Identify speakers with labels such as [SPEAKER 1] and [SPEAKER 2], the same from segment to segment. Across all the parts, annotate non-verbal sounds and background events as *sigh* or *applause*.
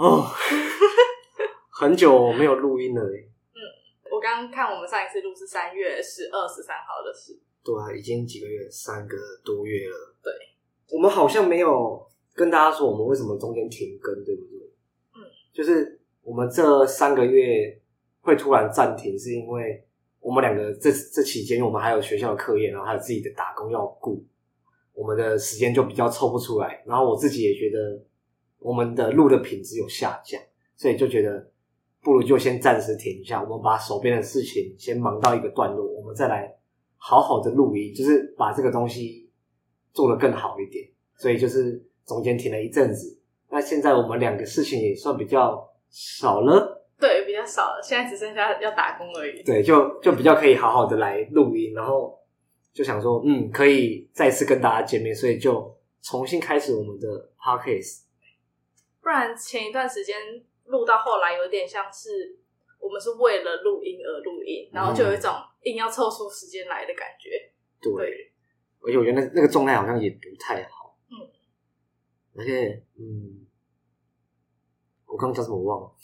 [SPEAKER 1] 哦、oh, *laughs* 很久沒有錄音了耶。嗯，
[SPEAKER 2] 我剛剛看我們上一次錄是三月十二十三號的事。
[SPEAKER 1] 對啊，已經幾個月，三個多月了。對，我們好像沒有跟大家說我們為什麼中間停更，對不對？嗯，就是我們這三個月會突然暫停，是因為我們兩個這這期間，我們還有學校的課業，然後還有自己的打工要顧，我們的時間就比較抽不出來。然後我自己也覺得。我們的錄的品質有下降，所以就覺得不如就先暫時停一下，我們把手邊的事情先忙到一個段落，我們再來好好的錄音，就是把這個東西做得更好一點。所以就是中間停了一陣子。那現在我們兩個事情也算比較少了，
[SPEAKER 2] 對，比較少了。現在只剩下要打工而已。
[SPEAKER 1] 對，就就比較可以好好的來錄音，然後就想說，嗯，可以再次跟大家見面，所以就重新開始我們的 podcast。
[SPEAKER 2] 不然前一段時間錄到後來有點像是我們是為了錄音而錄音，然後就有一種硬要抽出時間來的感覺。嗯、
[SPEAKER 1] 對，而且我覺得那個狀態好像也不太好。嗯，而且，嗯，我剛剛講什麼我忘
[SPEAKER 2] 了，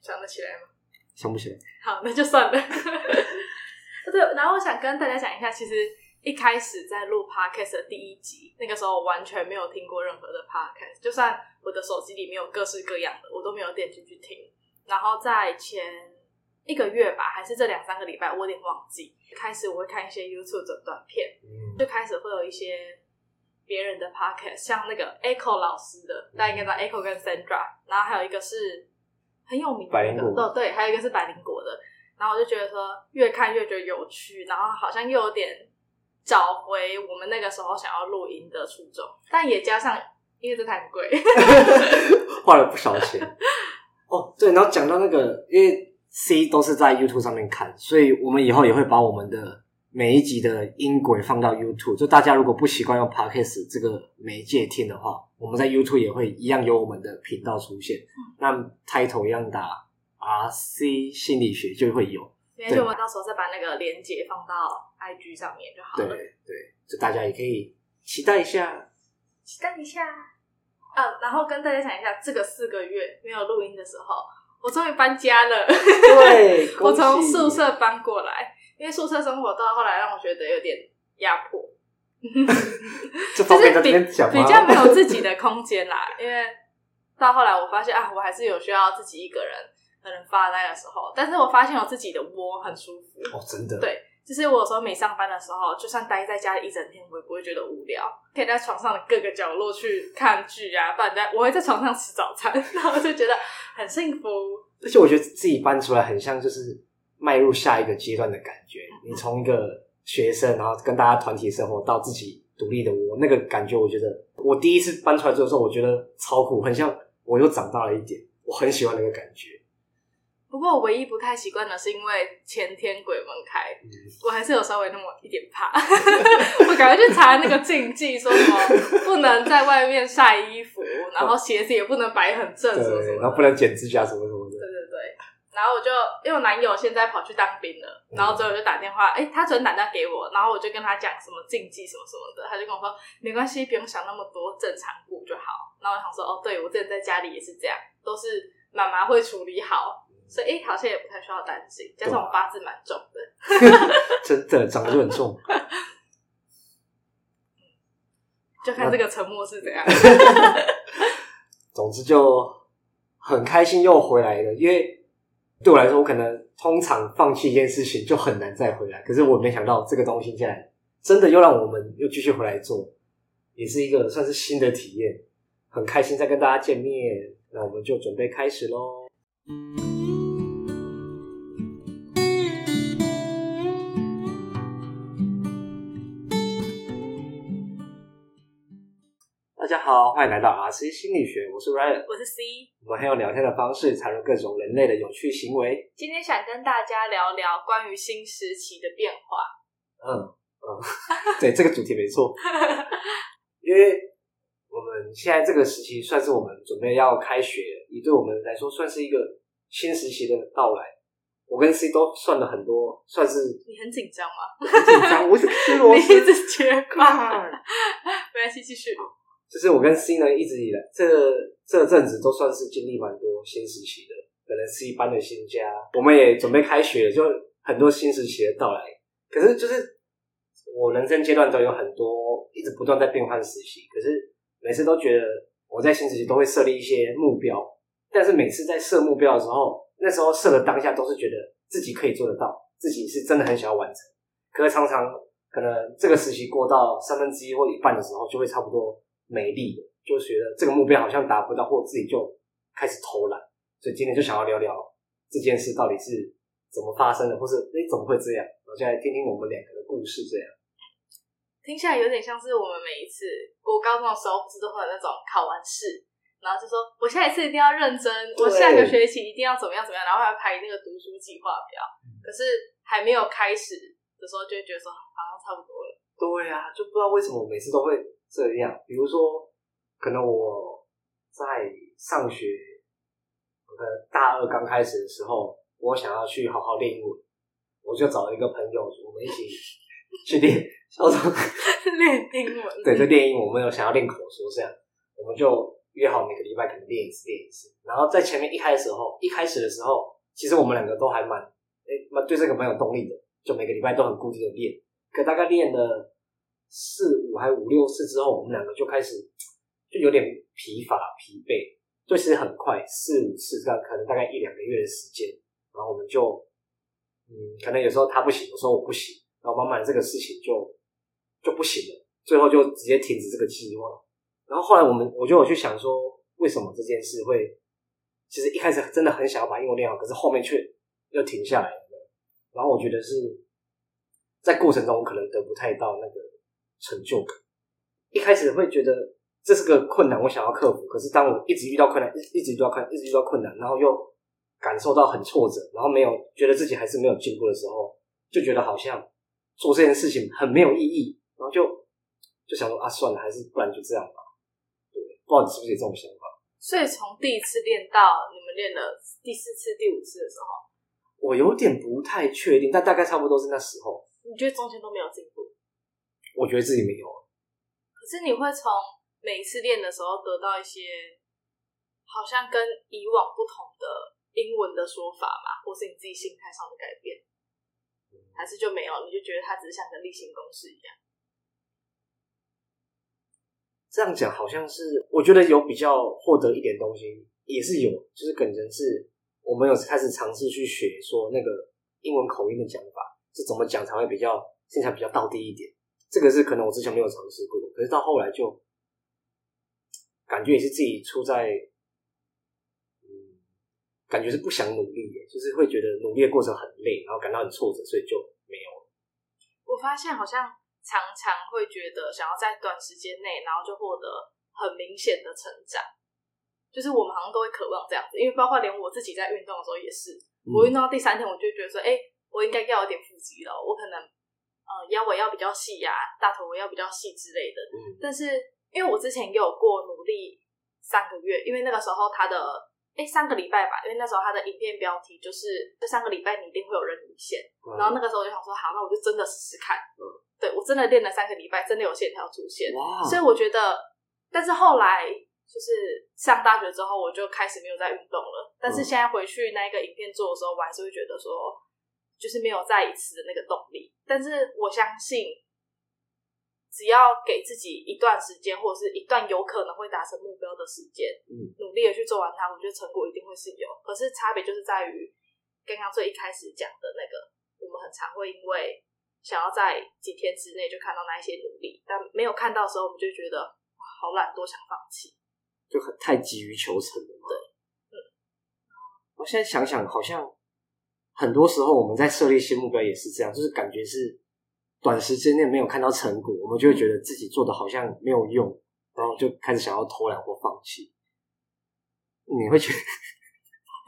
[SPEAKER 2] 想得起來嗎？
[SPEAKER 1] 想不起來。
[SPEAKER 2] 好，那就算了。 *laughs* 對，然後我想跟大家講一下，其實。一開始在錄 Podcast 的第一集，那個時候我完全沒有聽過任何的 Podcast，就算我的手機裡面有各式各樣的，我都沒有點進去聽。然後在前一個月吧，還是這兩三個禮拜，我有點忘記。開始我會看一些 YouTube 的短片、嗯，就開始會有一些別人的 Podcast，像那個 Echo 老師的，嗯、大家應該知道 Echo 跟 Sandra，然後還有一個是很有
[SPEAKER 1] 名的、那個百靈果，
[SPEAKER 2] 哦，對，還有一個是百靈果的。然後我就覺得說，越看越覺得有趣，然後好像又有點。找回我們那個時候想要錄音的初衷，但也加上，因為這太貴，
[SPEAKER 1] *laughs* 花了不少錢哦。 *laughs* oh, 對，然後講到那個，因為 C 都是在 YouTube 上面看，所以我們以後也會把我們的每一集的音軌放到 YouTube。就大家如果不習慣用 Podcast 這個媒介聽的話，我們在 YouTube 也會一樣有我們的頻道出現。嗯，那 title 一樣打 RC 心理學就會有。那就我們到
[SPEAKER 2] 時候再把那個連接放到，I G 上面就好了對，對，
[SPEAKER 1] 就大家也可以期待一下，
[SPEAKER 2] 期待一下，啊、然後跟大家講一下，這個四個月沒有錄音的時候，我終於搬家了。對， *laughs* 我從宿舍搬過來，因為宿舍生活到後來讓我覺得有點壓迫， *laughs* *laughs* *laughs* 就
[SPEAKER 1] 是比比較沒有
[SPEAKER 2] 自己的空間啦。因為到後來我發現啊，我還是有需要自己一個人，一個人發呆的時候。但是我發現我自己的窩很舒服哦，真的，對。其實我有時候沒上班的時候，就算待在家裡一整天，我也不會覺得無聊，可以在床上的各個角落去看劇啊。不然正我，我會在床上吃早餐，然後我就覺得很幸福。
[SPEAKER 1] 而且我覺得自己搬出來很像就是邁入下一個階段的感覺。你從一個學生，然後跟大家團體生活到自己獨立的我，那個感覺我覺得我第一次搬出來之後，我覺得超酷，很像我又長大了一點。我很喜歡那個感
[SPEAKER 2] 覺。不過我唯一不太習慣的是，因為前天鬼門開、嗯，我還是有稍微那麼一點怕。 *laughs* 我趕快去查那個禁忌，說什麼不能在外面曬衣服，然後鞋子也不能擺很正，什麼
[SPEAKER 1] 什麼，然後不能剪指甲，什麼什麼的。對
[SPEAKER 2] 對對，然後我就因為我男友現在跑去當兵了，然後最後就打電話，哎、欸，他只能打電話給我，然後我就跟他講什麼禁忌什麼什麼的，他就跟我說沒關係，不用想那麼多，正常過就好。然後我想說，哦，對我之前在家裡也是這樣，都是媽媽會處理好。所以一條線也不太需要擔心，加上我八字蠻重
[SPEAKER 1] 的， *laughs* 真的長得很重，
[SPEAKER 2] *laughs* 就看這個沉默是怎
[SPEAKER 1] 樣？ *laughs* 總之就很開心又回來了，因為對我來說，我可能通常放棄一件事情就很難再回來，可是我沒想到這個東西現在真的又讓我們又繼續回來做，也是一個算是新的體驗，很開心再跟大家見面，那我們就準備開始嘍。大家好，歡迎來到 RC 心理學，我是 Ryan，我是 C，我們還有聊天的方式，談論各種人類的有趣行為。
[SPEAKER 2] 今天想跟大家聊聊關於新時期的變化。嗯
[SPEAKER 1] 嗯，對 *laughs* 這個主題沒錯，
[SPEAKER 2] 因為
[SPEAKER 1] 我們現在這個時期算是我們準備要開學，也對我們來說算是一個新時期的到來。我跟 C 都算了很多，算是你很緊
[SPEAKER 2] 張嗎？很緊張， *laughs* 我，我是，因為我是結巴。 *laughs* 沒關係，繼續。
[SPEAKER 1] 就是我跟 C 呢一直以來、這個，這這個、陣子都算是經歷蠻多新時期的，可能 C 搬的新家，我們也準備開學，就很多新時期的到來。可是就是我人生階段中有很多一直不斷在變換時期，可是每次都覺得我在新時期都會設立一些目標，但是每次在設目標的時候，那時候設的當下都是覺得自己可以做得到，自己是真的很想要完成。可是常常可能這個時期過到三分之一或一半的時候，就會差不多。沒力的，就覺得這個目標好像達不到，或者自己就開始偷懶，所以今天就想要聊聊這件事到底是怎麼發生的，或是誒、欸，怎麼會這樣？然後就來聽聽我們兩個的故事。這樣
[SPEAKER 2] 聽起來有點像是我們每一次我高中的時候，不是都會有那種考完試，然後就說我下一次一定要認真，我下個學期一定要怎麼樣怎麼樣，然後還要排那個讀書計劃表、嗯。可是還沒有開始的時候，就會覺得說啊，好像差不多了。
[SPEAKER 1] 對呀、啊，就不知道為什麼我每次都會。這樣，比如說，可能我在上學的大二剛開始的時候，我想要去好好練英文，我就找了一個朋友，我們一起去練。 *laughs* 小時候
[SPEAKER 2] 練 *laughs* *laughs* 英文，對，就練
[SPEAKER 1] 英文。我們有想要練口說，是是這樣，我們就約好每個禮拜可能練一次，練一次。然後在前面一開始後，一開始的時候，其實我們兩個都還蠻蠻、欸、對這個蠻有動力的，就每個禮拜都很固定的練。可大概練了。四五還五六次之後，我們兩個就開始就有點疲乏、疲憊。所以，其實很快，四五次，這樣，可能大概一兩個月的時間。然後我們就，嗯，可能有時候他不行，有時候我不行，然後慢慢這個事情就就不行了。最後就直接停止這個計劃。然後後來我們，我就有去想說，為什麼這件事會其實一開始真的很想要把英文練好，可是後面卻又停下來了。然後我覺得是在過程中，可能得不太到那個。成就感，一開始會覺得這是個困難，我想要克服。可是當我一直遇到困難，一一直遇到困難，一直遇到困難，然後又感受到很挫折，然後沒有，覺得自己還是沒有進步的時候，就覺得好像做這件事情很沒有意義，然後就就想說啊，算了，還是不然就這樣吧。對，不知道你是不是有這種想法。
[SPEAKER 2] 所以從第一次練到你們練了第四次、第五次的時候，
[SPEAKER 1] 我有點不太確定，但大概差不多是那時候。
[SPEAKER 2] 你覺得中間都沒有進步？
[SPEAKER 1] 我覺得自己沒有了，
[SPEAKER 2] 可是你會從每一次練的時候得到一些好像跟以往不同的英文的說法嘛，或是你自己心態上的改變，嗯，還是就沒有？你就覺得它只是像個例行公事一樣？
[SPEAKER 1] 這樣講好像是我覺得有比較獲得一點東西，也是有，就是可能是我沒有開始嘗試去學說那個英文口音的講法，是怎麼講才會比較現在比較道地一點。這個是可能我之前沒有嘗試過，可是到後來就感覺也是自己出在，嗯，感覺是不想努力耶，就是會覺得努力的過程很累，然後感到很挫折，所以就沒有
[SPEAKER 2] 了。我發現好像常常會覺得想要在短時間內，然後就獲得很明顯的成長，
[SPEAKER 1] 就是我們好
[SPEAKER 2] 像都會渴望這樣子，因為包括連我自己在運動的時候也是，我運動到第三天我就會覺得說，哎、欸，我應該要有點腹肌了，我可能。嗯、腰圍要比較細呀，啊，大腿圍要比較細之類的。嗯，但是因為我之前也有過努力三個月，因為那個時候他的哎、欸、三個禮拜吧，因為那時候他的影片標題就是“這三個禮拜你一定會有人魚線”。然後那個時候我就想說，好，那我就真的試試看。嗯，對，我真的練了三個禮拜，真的有線條出現。哇！所以我覺得，但是後來就是上大學之後，我就開始沒有再運動了。但是現在回去那個影片做的時候，我還是會覺得說。就是沒有再一次的那個動力，但是我相信，只要給自己一段時間，或者是一段有可能會達成目標的時間，嗯，努力的去做完它，我覺得成果一定會是有。可是差別就是在於剛剛最一開始講的那個，我們很常會因為想要在幾天之內就看到那一些努力，但沒有看到的時候，我們就覺得好懶惰，想放棄，
[SPEAKER 1] 就很太急於求成了。對，嗯，
[SPEAKER 2] 我
[SPEAKER 1] 現在想想，好像。很多時候我們在設立新目標也是這樣，就是感覺是短時間內沒有看到成果，我們就會覺得自己做的好像沒有用，然後就開始想要偷懶或放棄。你會覺
[SPEAKER 2] 得？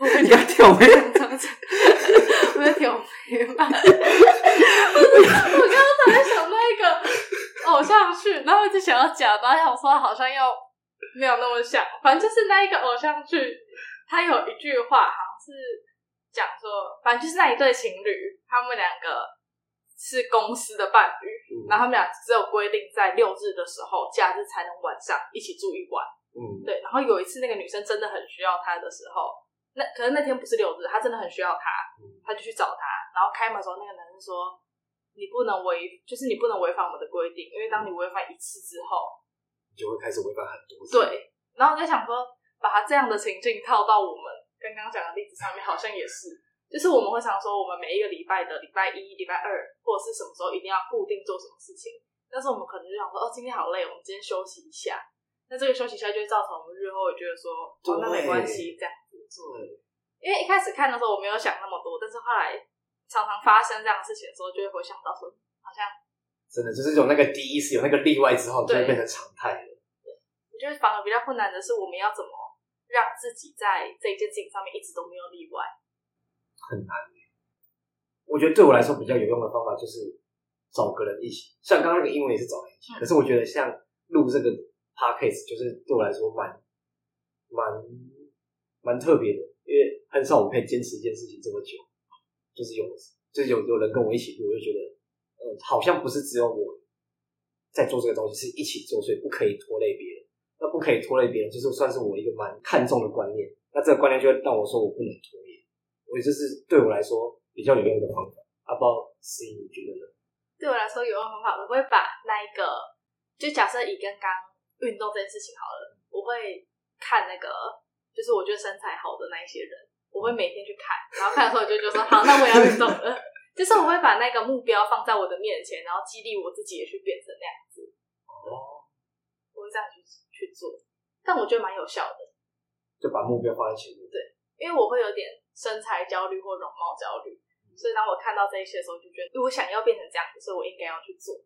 [SPEAKER 2] 我要挑眉，我挑眉我剛才 *laughs* *laughs* *laughs* 想那一個偶像劇，然後就想要講然後想說好像又沒有那麼像，反正就是那一個偶像劇，他有一句話好像是。講說，反正就是那一對情侶，他們兩個是公司的伴侶，嗯、然後他們倆只有規定在六日的時候，假日才能晚上一起住一晚。嗯，對。然後有一次，那個女生真的很需要他的時候，那可是那天不是六日，她真的很需要他、嗯，他就去找他。然後開門的時候，那個男生說：“你不能違，就是你不能違反我們的規定，因為當你違反一次之後，
[SPEAKER 1] 就會開始違反
[SPEAKER 2] 很多次。”對。然後我就想說，把他這樣的情境套到我們。剛剛講的例子上面好像也是，就是我們會常說，我們每一個禮拜的禮拜一、禮拜二，或者是什麼時候一定要固定做什麼事情。但是我們可能就想說，哦，今天好累，我們今天休息一下。那這個休息一下就會造成我們日後也覺得說，哦，那沒關係，這樣子做。因為一開始看的時候我沒有想那麼多，但是後來常常發生這樣的事情的時候，就會回想到說，好像
[SPEAKER 1] 真的就是有那個第一次有那個例外之後，就會變成常態了。
[SPEAKER 2] 我覺得反而比較困難的是，我們要怎麼？讓自己在這一件事情上面一直都沒有例
[SPEAKER 1] 外，很難誒。我覺得對我來說比較有用的方法就是找個人一起。像剛剛那個英文也是找人一起，嗯、可是我覺得像錄這個 podcast 就是對我來說蠻蠻蠻特別的，因為很少我可以堅持一件事情這麼久。就是有就是有有人跟我一起錄，我就覺得，呃、嗯，好像不是只有我在做這個東西，是一起做，所以不可以拖累別人。那不可以拖累別人，就是算是我一個蠻看重的觀念。那這個觀念就會讓我說我不能拖延，我也就是對我來說比較有用的方法。阿寶，C 你覺得呢？
[SPEAKER 2] 對我來說有用方法，我會把那一個，就假設以剛剛運動這件事情好了，我會看那個，就是我覺得身材好的那一些人，我會每天去看，然後看的時候我就就說，好，那我要運動了。 *laughs* 就是我會把那個目標放在我的面前，然後激勵我自己也去變成那樣。但我覺得蠻有效的，
[SPEAKER 1] 就把目標放在前面。
[SPEAKER 2] 對，因為我會有點身材焦慮或容貌焦慮，所以當我看到這些的時候，就覺得我想要變成這樣子，所以我應該要去做。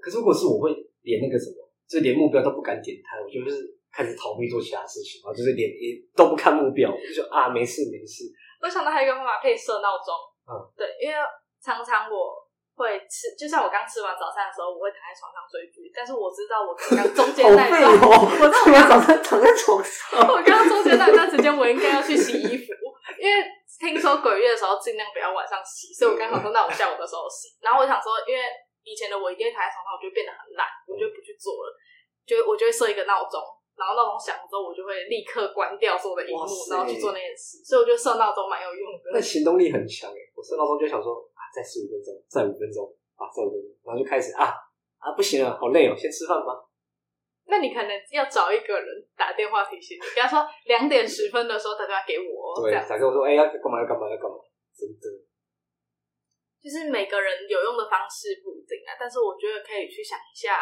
[SPEAKER 1] 可是如果是我會連那個什麼，就連目標都不敢點開，我就是開始逃避做其他事情，然後就是連都不看目標，就說啊，沒事沒
[SPEAKER 2] 事。我想到還有一個方法配，可以設鬧鐘。嗯，對，因為常常我。會吃，就像我剛吃完早餐的時候，我會躺在床上追劇。但是我知道我剛，剛中間那段、 *laughs* 哦、我知我吃完早餐躺在床上。我剛剛中間那段時間，我應該要去洗衣服， *laughs* 因為聽說鬼月的時候盡量不要晚上洗，所以我剛好說那我下午的時候洗。 *laughs* 然後我想說，因為以前的我一定會躺在床上，我就變得很懶，我就不去做了。就我就會設一個鬧鐘，然後鬧鐘響之後，我就會立刻關掉所有的螢幕，然後去做那件事。所以我覺得設鬧鐘蠻有用的。那行
[SPEAKER 1] 動力很強哎，我設鬧鐘就想說。再十五分鐘，再五分鐘啊，再五分鐘，然後就開始啊啊，不行了，好累哦、喔，先吃飯吧。
[SPEAKER 2] 那你可能要找一個人打電話提醒， *laughs* 比方說，兩點十分的時候打電話給我，對。這樣子。
[SPEAKER 1] 打電話說，哎、欸，要幹嘛？要幹嘛？要幹嘛？真的，
[SPEAKER 2] 就是每個人有用的方式不一定啊，但是我覺得可以去想一下。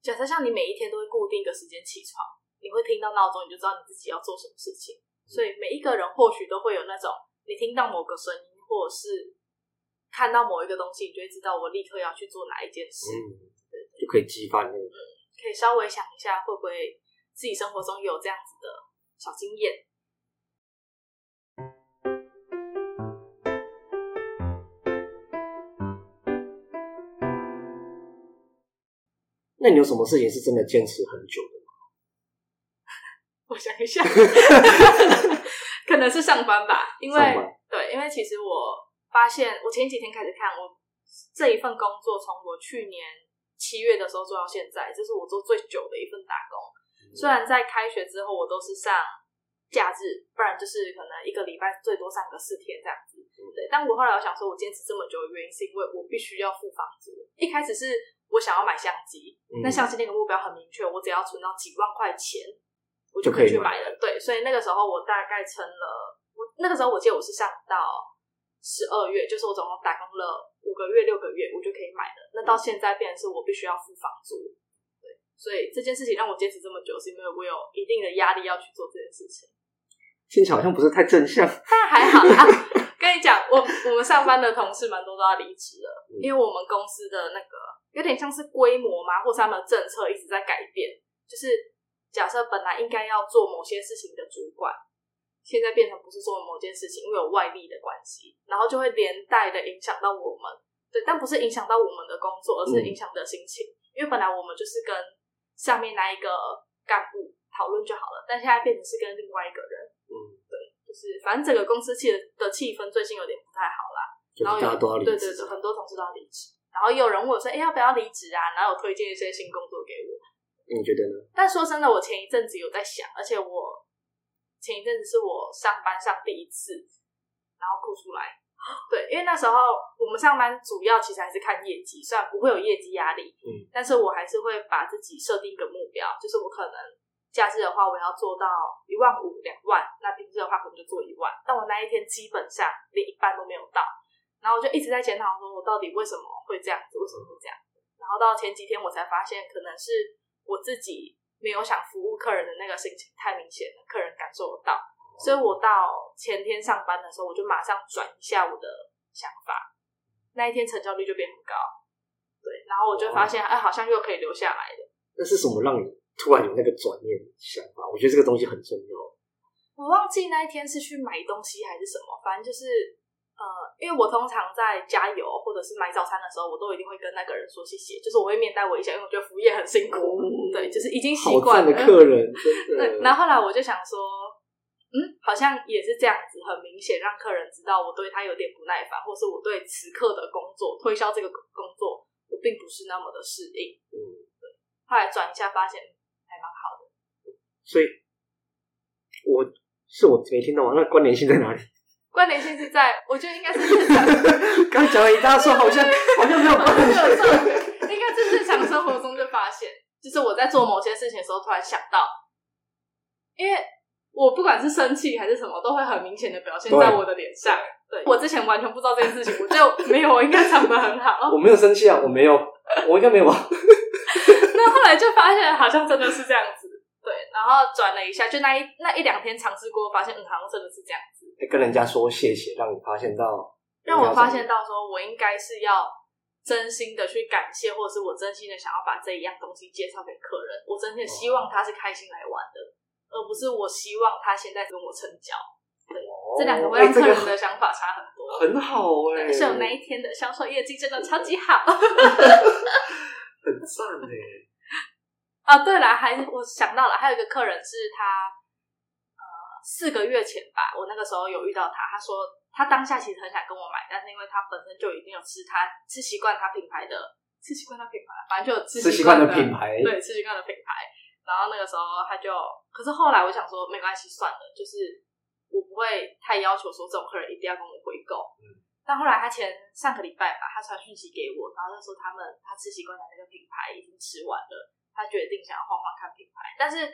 [SPEAKER 2] 假設像你每一天都會固定一個時間起床，你會聽到鬧鐘，你就知道你自己要做什麼事情。嗯、所以每一個人或許都會有那種，你聽到某個聲音。或者是看到某一個東西，你就會知道我立刻要去做哪一件事，嗯，對，就
[SPEAKER 1] 可以激發你。
[SPEAKER 2] 可以稍微想一下，會不會自己生活中有這樣子的小經驗？
[SPEAKER 1] 那你有什麼事情是真的堅持很久的嗎？
[SPEAKER 2] *laughs* 我想一下 *laughs* *laughs* 可能是上班吧，因為。因為其實我發現，我前幾天開始看，我這一份工作從我去年七月的時候做到現在，這是我做最久的一份打工。雖然在開學之後我都是上假日，不然就是可能一個禮拜最多上個四天這樣子。對，對，但我後來我想說，我堅持這麼久的原因是因為我必須要付房租。一開始是我想要買相機，嗯、那相機那個目標很明確，我只要存到幾萬塊錢，我就可以去買了。對，所以那個時候我大概存了。那個時候我記得我是上到十二月，就是我總共打工了五個月，六個月，我就可以買了。那到現在變成是我必須要付房租。對，所以這件事情讓我堅持這麼久，是因為我有一定的壓力要去做這件事情。心情好
[SPEAKER 1] 像不是太正向，但
[SPEAKER 2] *laughs* 還好啊。跟你講，我我們上班的同事蠻多都都要離職了，因為我們公司的那個有點像是規模嘛，或是他們的政策一直在改變。就是假設本來應該要做某些事情的主管，現在變成不是做某件事情，因為有外力的關係，然後就會連帶的影響到我們。對，但不是影響到我們的工作，而是影響的心情、嗯。因為本來我們就是跟下面那一個幹部討論就好了，但現在變成是跟另外一個人。嗯，對，就是反正整個公司氣的氣氛最近有點不太好啦。就是、然後有對，對對對，很多同事都要離職，然後有人問我說：“哎、欸，要不要離職啊？”然後有推薦一些新工作給我。你覺得呢？但說真的，我前一陣子有在想，而且我。前一陣子是我上班上第一次，然後哭出來。對，因為那時候我們上班主要其實還是看業績，雖然不會有業績壓力，嗯、但是我還是會把自己設定一個目標，就是我可能假日的話，我要做到一萬五、兩萬。那平時的話，可能就做一萬。但我那一天基本上連一半都沒有到，然後我就一直在檢討，說我到底為什麼會這樣子？為什麼會這樣子、嗯？然後到前幾天我才發現，可能是我自己。沒有想服務客人的那個心情太明顯了，客人感受得到，所以我到前天上班的時候，我就馬上轉一下我的想法，那一天成交率就變很高，對，然後我就發現，哎、欸，好像又可以留下來了。
[SPEAKER 1] 那是什麼讓你突然有那個轉念想法？我覺得這個東西很重要。
[SPEAKER 2] 我忘記那一天是去買東西還是什麼，反正就是。呃、嗯，因為我通常在加油或者是買早餐的時候，我都一定會跟那個人說謝謝，就是我會面帶微笑，因為我覺得服務業很辛苦，哦、對，就是已經習慣了。好讚的客人，對。然後後來我就想說，嗯，好像也是這樣子，很明顯讓客人知道我對他有點不耐煩，或是我對此刻的工作推銷這個工作，我並不是那麼的適應、嗯。對。後來轉一下，發現還蠻好的。
[SPEAKER 1] 所以，我是我沒聽到啊？那關聯性在哪裡？
[SPEAKER 2] 關聯性是在，我覺得
[SPEAKER 1] 應該是日常。剛 *laughs* 講了一大串，好
[SPEAKER 2] 像 *laughs* 好像沒有關係 *laughs* 應該是日常生活中就發現，就是我在做某些事情的時候，突然想到，因為我不管是生氣還是什麼，都會很明顯的表現在 *laughs* 我的臉上。對，我之前完全不知道這件事情，我就沒有。我 *laughs* 應該長得很好。 *laughs* 我沒有
[SPEAKER 1] 生氣啊，我沒有，我應該沒有。
[SPEAKER 2] *laughs* *laughs* 那後來就發現，好像真的是這樣子。對，然後轉了一下，就那一那一兩天嘗試過，發現嗯，好像真的是這樣子。
[SPEAKER 1] 跟人家說謝謝，讓你發現到，
[SPEAKER 2] 讓我發現到說，說我應該是要真心的去感謝，或者是我真心的想要把這一樣東西介紹給客人，我真心的希望他是開心來玩的，而不是我希望他現在跟我成交。對，哦、這兩個，會讓客人的想法差很多，欸這
[SPEAKER 1] 個、很好哎、欸，是有那一
[SPEAKER 2] 天的銷售業績真的超級好，
[SPEAKER 1] *laughs* *laughs* 很讚哎、欸。
[SPEAKER 2] 啊、哦，對了，還我想到了，還有一個客人是他。四個月前吧，我那個時候有遇到他，他說他當下其實很想跟我買，但是因為他本身就已經有吃他吃習慣他品牌的吃習慣他品牌，反正就有吃習慣的、的品牌，對吃習慣的品牌。然後那個時候他就，可是後來我想說沒關係算了，就是我不會太要求說這種客人一定要跟我回購。嗯。但後來他前上個禮拜吧，他傳訊息給我，然後他說他們他吃習慣的那個品牌已經吃完了，他決定想要換換看品牌，但是。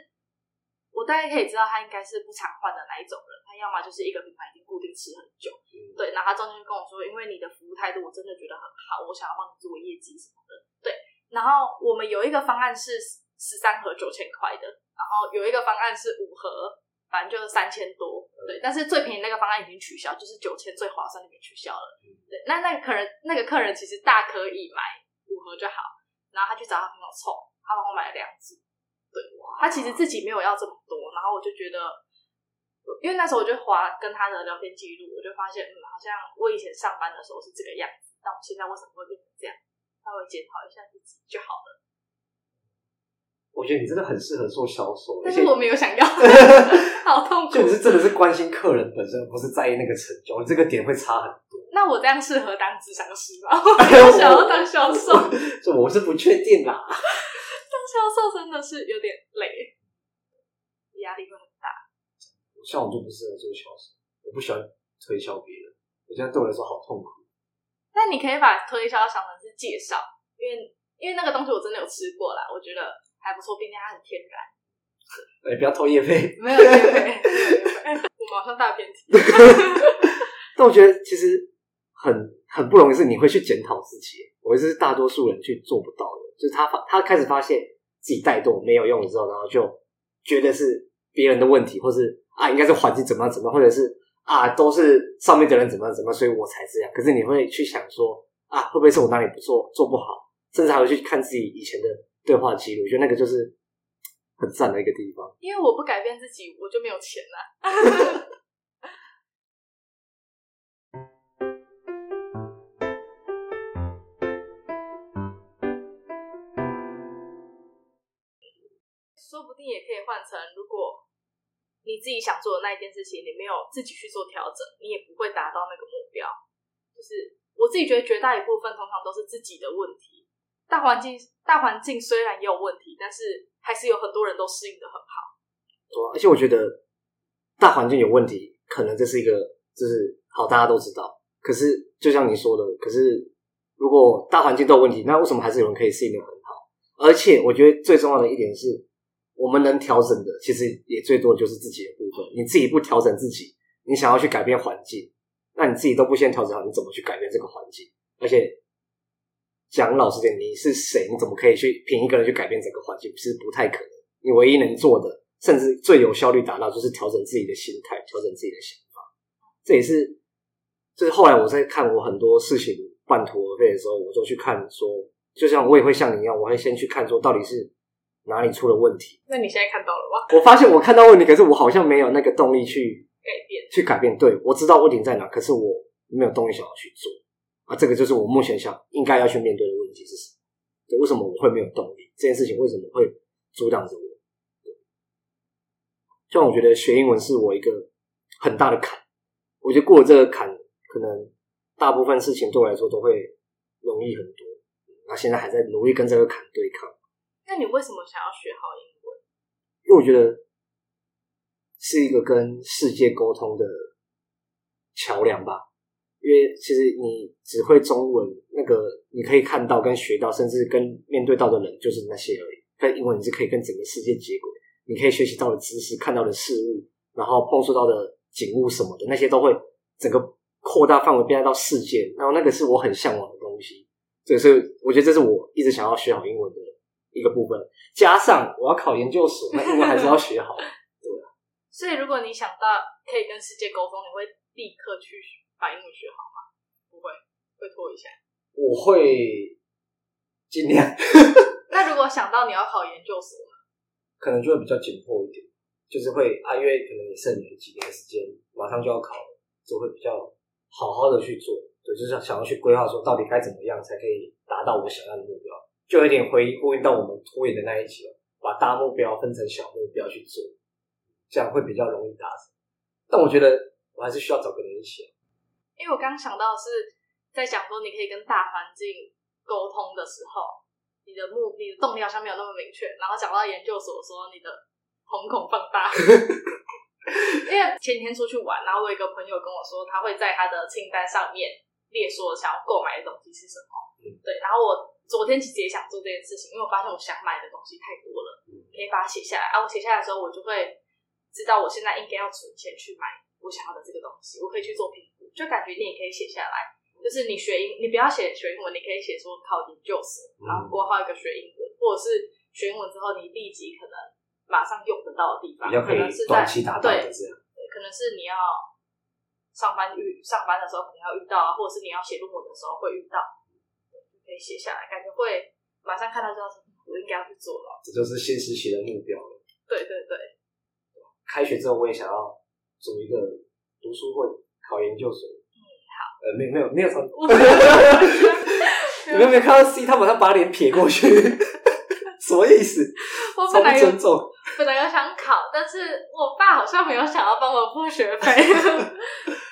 [SPEAKER 2] 我大概可以知道，他應該是不常換的那一種人。他要麼就是一個品牌已經固定吃很久，嗯，對。然後他中間跟我說，因為你的服務態度我真的覺得很好，我想要幫你做業績什麼的。對。然後我們有一個方案是十三盒九千塊的，然後有一個方案是五盒，反正就是三千多。對。但是最便宜那個方案已經取消，就是九千最划算的給取消了。對。那那個客人那個客人其實大可以買五盒就好。然後他去找他朋友湊，他幫我買了兩支。他其實自己沒有要這麼多，然後我就覺得，因為那時候我就滑跟他的聊天記錄，我就發現，嗯，好像我以前上班的時候是這個樣子，但我現在為什麼會變成這樣？稍微檢討一下自己就好了。
[SPEAKER 1] 我覺得你真的很適合做銷售，但是我沒
[SPEAKER 2] 有想要， *laughs* *laughs* 好痛苦。就是真的是
[SPEAKER 1] 關心客人本身，不是在意那個成就，這個點會差很多。
[SPEAKER 2] 那我這樣適合當諮商師嗎？ *laughs* 我沒有想要當銷售，
[SPEAKER 1] 我，我，我是不確定啦、啊。
[SPEAKER 2] 銷售真的是有點累，壓力
[SPEAKER 1] 會很大。像我就不適合做銷售，我不喜歡推銷別人。我現在對我來說好痛苦。
[SPEAKER 2] 但你可以把推銷想成是介紹，因為因為那個東西我真的有吃過啦，我覺得還不錯，並且它很天然。哎、
[SPEAKER 1] 欸、不要偷業費，沒有業費，沒
[SPEAKER 2] 有沒有 *laughs* 我馬上大便子。 *laughs* *laughs* 但
[SPEAKER 1] 我覺得其實很很不容易，是你會去檢討自己。我覺得是大多數人去做不到的，就是他發他開始發現。自己帶動沒有用的時候，然後就覺得是別人的問題，或是啊，應該是環境怎麼樣怎麼樣，或者是啊，都是上面的人怎麼樣怎麼樣，所以我才這樣。可是你會去想說啊，會不會是我哪裡不做做不好，甚至還會去看自己以前的對話記錄，覺得那個就是很讚的一個地方。
[SPEAKER 2] 因為我不改變自己，我就沒有錢了。 *laughs* 你也可以換成，如果你自己想做的那一件事情，你沒有自己去做調整，你也不會達到那個目標。就是我自己覺得，絕大一部分通常都是自己的問題。大環境大環境雖然也有問題，但是還是有很多人都適應的很好。
[SPEAKER 1] 對啊，而且我覺得大環境有問題，可能這是一個就是好大家都知道。可是就像你說的，可是如果大環境都有問題，那為什麼還是有人可以適應的很好？而且我覺得最重要的一點是。我們能調整的，其實也最多的就是自己的部分。你自己不調整自己，你想要去改變環境，那你自己都不先調整好，你怎麼去改變這個環境？而且講老實點，你是誰？你怎麼可以去憑一個人去改變整個環境？其實不太可能。你唯一能做的，甚至最有效率達到，就是調整自己的心態，調整自己的想法。這也是，就是後來我在看我很多事情半途而廢的時候，我就去看說，就像我也會像你一樣，我會先去看說到底是。哪裡出了問題？那你
[SPEAKER 2] 現在看到了嗎？我發現我看到
[SPEAKER 1] 問題，可是我好像沒有那個動力去改變，去改變。對，我知道問題在哪，可是我沒有動力想要去做。啊，這個就是我目前想應該要去面對的問題是什麼？對，為什麼我會沒有動力？這件事情為什麼會阻擋着我？就像我覺得學英文是我一個很大的坎，我覺得過了這個坎，可能大部分事情對我來說都會容易很多。那現在還在努力跟這個坎對抗。
[SPEAKER 2] 那你為什麼想要學好英
[SPEAKER 1] 文？因為我覺得是一個跟世界溝通的橋梁吧。因為其實你只會中文，那個你可以看到跟學到，甚至跟面對到的人就是那些而已。但英文你是可以跟整個世界接軌，你可以學習到的知識、看到的事物，然後碰觸到的景物什麼的，那些都會整個擴大範圍，變到世界。然後那個是我很嚮往的東西，所以，就是，我覺得這是我一直想要學好英文的一個部分加上，我要考研究所，那我還是要學好。 *laughs* 對、啊，
[SPEAKER 2] 所以如果你想到可以跟世界溝通，你會立刻去把英語學好嗎？不會，會拖一下。
[SPEAKER 1] 我會儘量。
[SPEAKER 2] 啊、 *laughs* 那如果想到你要考研究所呢，
[SPEAKER 1] 可能就會比較緊迫一點，就是會啊，因為可能也剩你幾年時間，馬上就要考了，就會比較好好的去做，對，就是想要去規劃說到底該怎麼樣才可以達到我想要的目標。就有點回會應到我們拖延的那一集，把大目標分成小目標去做，這樣會比較容易達成。
[SPEAKER 2] 但我覺得
[SPEAKER 1] 我還是需要找個人一起。因
[SPEAKER 2] 為我剛想到的是在講說你可以跟大環境溝通的時候，你的目你的動力好像沒有那麼明確。然後講到研究所，說你的瞳孔放大， *laughs* 因為前天出去玩，然後我有一個朋友跟我說，他會在他的清單上面。列說想要購買的東西是什麼。嗯，對，然後我昨天其實也想做這件事情，因為我發現我想買的東西太多了，可以把它寫下來。啊，我寫下來的時候，我就會知道我現在應該要存錢去買我想要的這個東西。我可以去做評估，就感覺你也可以寫下來，就是你學英，你不要寫學英文，你可以寫說考一個 j 然後括號一個學英文，或者是學英文之後，你立即可能馬上用得到的地方，可能是在其他對，可能是你要。.上班遇上班的時候可能要遇到啊，或者是你要寫論文的時候會遇到，可以寫下來，感覺會馬上看到就什麼，就是我應該要去做了。這就是新學期
[SPEAKER 1] 的目標了。
[SPEAKER 2] 對對對。
[SPEAKER 1] 開學之後我也想要組一個讀書會，考研究所、嗯。好。呃，沒有沒有沒有。沒有我沒有 *laughs* 你們沒有你沒有看到 C，他馬上把臉撇過去， *laughs* 什麼意思？我本來我本來有
[SPEAKER 2] 本來有想考，但是我爸好像沒有想要幫我付學費。 *laughs*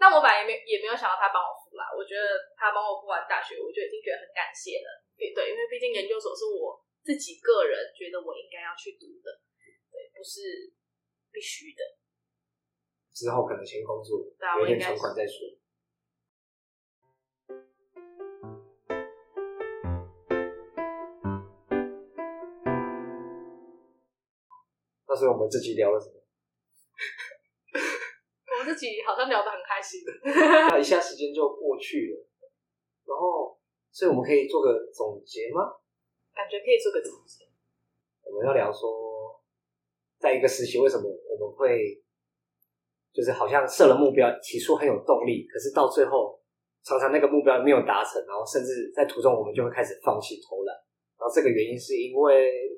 [SPEAKER 2] 那我本來也沒也沒有想到他幫我付啦，我覺得他幫我付完大學，我就已經覺得很感謝了。對，對，因為畢竟研究所是我自己個人覺得我應該要去讀的，對，不是必須的。
[SPEAKER 1] 之後可能先工作，啊、有一點存款再說。那時候我們自己聊了什麼？ *laughs*
[SPEAKER 2] 我自己好像聊得很開心的，那 *laughs* 一
[SPEAKER 1] 下時間就過去了，然後，所以我們可以做個總結嗎？
[SPEAKER 2] 感覺可以做個總結。
[SPEAKER 1] 我們要聊說，在一個時期為什麼我們會，就是好像設了目標，起初很有動力，可是到最後常常那個目標沒有達成，然後甚至在途中我們就會開始放棄、偷懶，然後這個原因是因為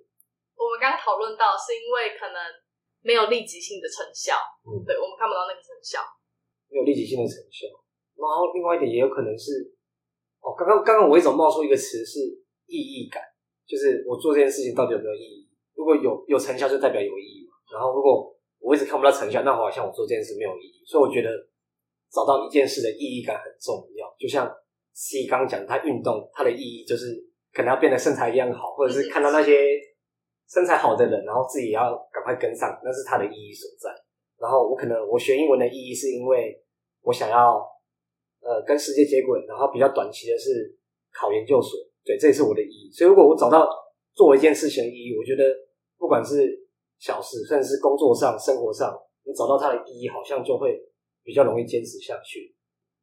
[SPEAKER 2] 我們剛討論到是因為可能。沒有立即性的成效，嗯，對，我們看不到那個成效。嗯，
[SPEAKER 1] 沒有立即性的成效。然後另外一點也有可能是，哦，剛剛剛剛我一直冒出一個詞是意義感，就是我做這件事情到底有沒有意義？如果有有成效，就代表有意義嘛。然後如果我一直看不到成效，那好像我做這件事沒有意義。所以我覺得找到一件事的意義感很重要。就像 C 剛剛講的，他運動他的意義就是可能要變得身材一樣好，或者是看到那些。身材好的人，然後自己也要趕快跟上，那是他的意義所在。然後我可能我學英文的意義是因為我想要呃跟世界接軌，然後比較短期的是考研究所，對，這也是我的意義。所以如果我找到做一件事情的意義，我覺得不管是小事，甚至是工作上、生活上，你找到它的意義，好像就會比較容易堅持下去。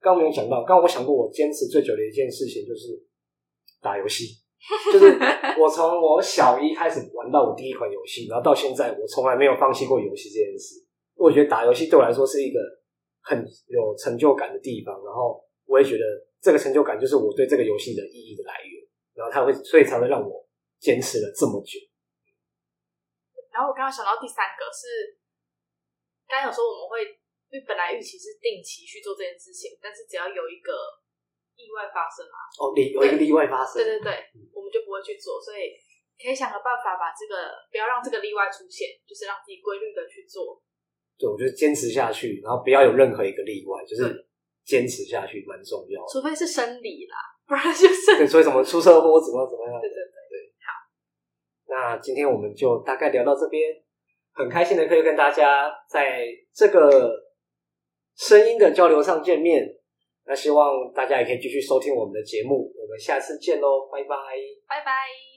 [SPEAKER 1] 剛剛沒有想到，剛剛我想過，我堅持最久的一件事情就是打遊戲。 *laughs* 就是我從我小一開始玩到我第一款遊戲，然後到現在，我從來沒有放棄過遊戲這件事。我覺得打遊戲對我來說是一個很有成就感的地方，然後我也覺得這個成就感就是我對這個遊戲的意義的來源，然後它會，所以才會讓我堅持了這麼久。然後
[SPEAKER 2] 我剛剛想到第三個是，剛有時候我們會本來預期是定期去做這件事情，但是只要有一個意外發生啊，哦，有一個意外發生，對對，對對。我就不會去做，所以可以想個辦法把這個不要讓這個例外出現，就是讓自己規律的去做。
[SPEAKER 1] 對，我就堅持下去，然後不要有任何一個例外，嗯、就是堅持下去蠻重要的。除
[SPEAKER 2] 非是生理啦， *laughs* 不然就是。對，
[SPEAKER 1] 所以怎麼出車禍，怎麼樣怎麼樣。對
[SPEAKER 2] 對對對。好，
[SPEAKER 1] 那今天我們就大概聊到這邊，很開心的可以跟大家在這個聲音的交流上見面。那希望大家也可以繼續收聽我們的節目，我們下次見嘍，拜拜，
[SPEAKER 2] 拜拜。